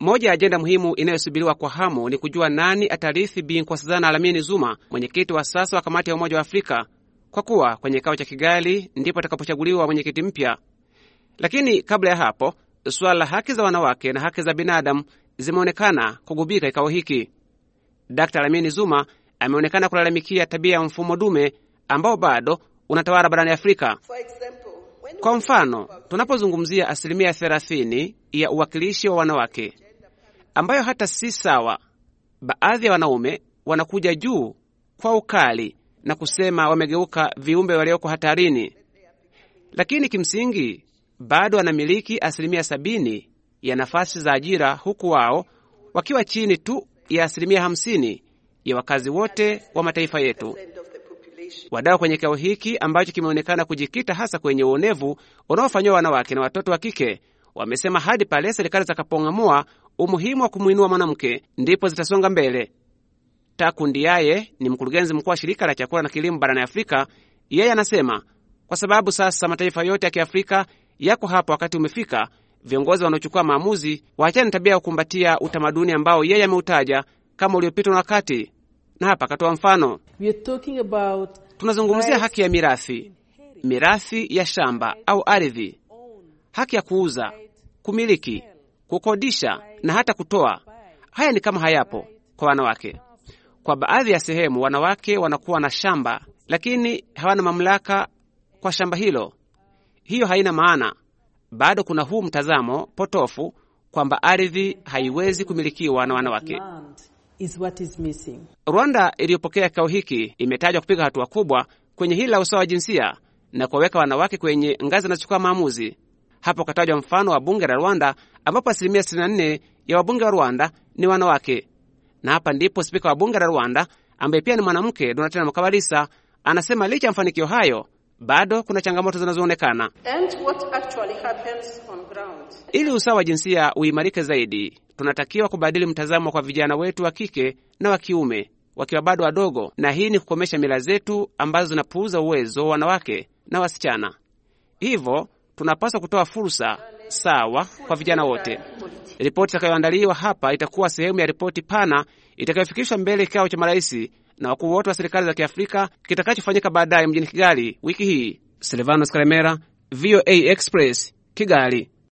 Moja ya ajenda muhimu inayosubiriwa kwa hamu ni kujua nani atarithi Bi Nkosazana Alamini Zuma, mwenyekiti wa sasa wa kamati ya Umoja wa Afrika, kwa kuwa kwenye kikao cha Kigali ndipo atakapochaguliwa mwenyekiti mpya. Lakini kabla ya hapo, suala la haki za wanawake na haki za binadamu zimeonekana kugubika kikao hiki. d Lamini Zuma ameonekana kulalamikia tabia ya mfumo dume ambao bado unatawala barani Afrika. Kwa mfano, tunapozungumzia asilimia 30 ya uwakilishi wa wanawake ambayo hata si sawa. Baadhi ya wanaume wanakuja juu kwa ukali na kusema wamegeuka viumbe walioko hatarini, lakini kimsingi bado wanamiliki asilimia sabini ya nafasi za ajira, huku wao wakiwa chini tu ya asilimia hamsini ya wakazi wote wa mataifa yetu. Wadau kwenye kikao hiki ambacho kimeonekana kujikita hasa kwenye uonevu unaofanyiwa wanawake na watoto wa kike wamesema hadi pale serikali zitakapong'amua umuhimu wa kumwinua mwanamke, ndipo zitasonga mbele. Takundiaye ni mkurugenzi mkuu wa shirika la chakula na kilimo barani Afrika. Yeye anasema kwa sababu sasa mataifa yote ya kiafrika yako hapa, wakati umefika viongozi wanaochukua maamuzi waachane na tabia ya kukumbatia utamaduni ambao yeye ameutaja kama uliopitwa na wakati, na hapa akatoa mfano. Tunazungumzia haki ya mirathi, mirathi ya shamba au ardhi, haki ya kuuza, kumiliki, kukodisha na hata kutoa. Haya ni kama hayapo kwa wanawake. Kwa baadhi ya sehemu, wanawake wanakuwa na shamba, lakini hawana mamlaka kwa shamba hilo. Hiyo haina maana. Bado kuna huu mtazamo potofu kwamba ardhi haiwezi kumilikiwa na wanawake. Rwanda iliyopokea kikao hiki imetajwa kupiga hatua kubwa kwenye hili la usawa wa jinsia na kuwaweka wanawake kwenye ngazi zinazochukua maamuzi. Hapo katajwa mfano wa bunge la Rwanda ambapo asilimia 64 ya wabunge wa Rwanda ni wanawake, na hapa ndipo spika wa bunge la Rwanda ambaye pia ni mwanamke Donatella Mukabalisa anasema licha ya mafanikio hayo bado kuna changamoto zinazoonekana. Ili usawa wa jinsia uimarike zaidi, tunatakiwa kubadili mtazamo kwa vijana wetu wa kike na wa kiume wakiwa bado wadogo, na hii ni kukomesha mila zetu ambazo zinapuuza uwezo wa wanawake na wasichana. Hivyo tunapaswa kutoa fursa sawa kwa vijana wote. Ripoti itakayoandaliwa hapa itakuwa sehemu ya ripoti pana itakayofikishwa mbele kikao cha maraisi na wakuu wote wa serikali za Kiafrika kitakachofanyika baadaye mjini Kigali wiki hii. Silvanos Karemera, VOA Express, Kigali.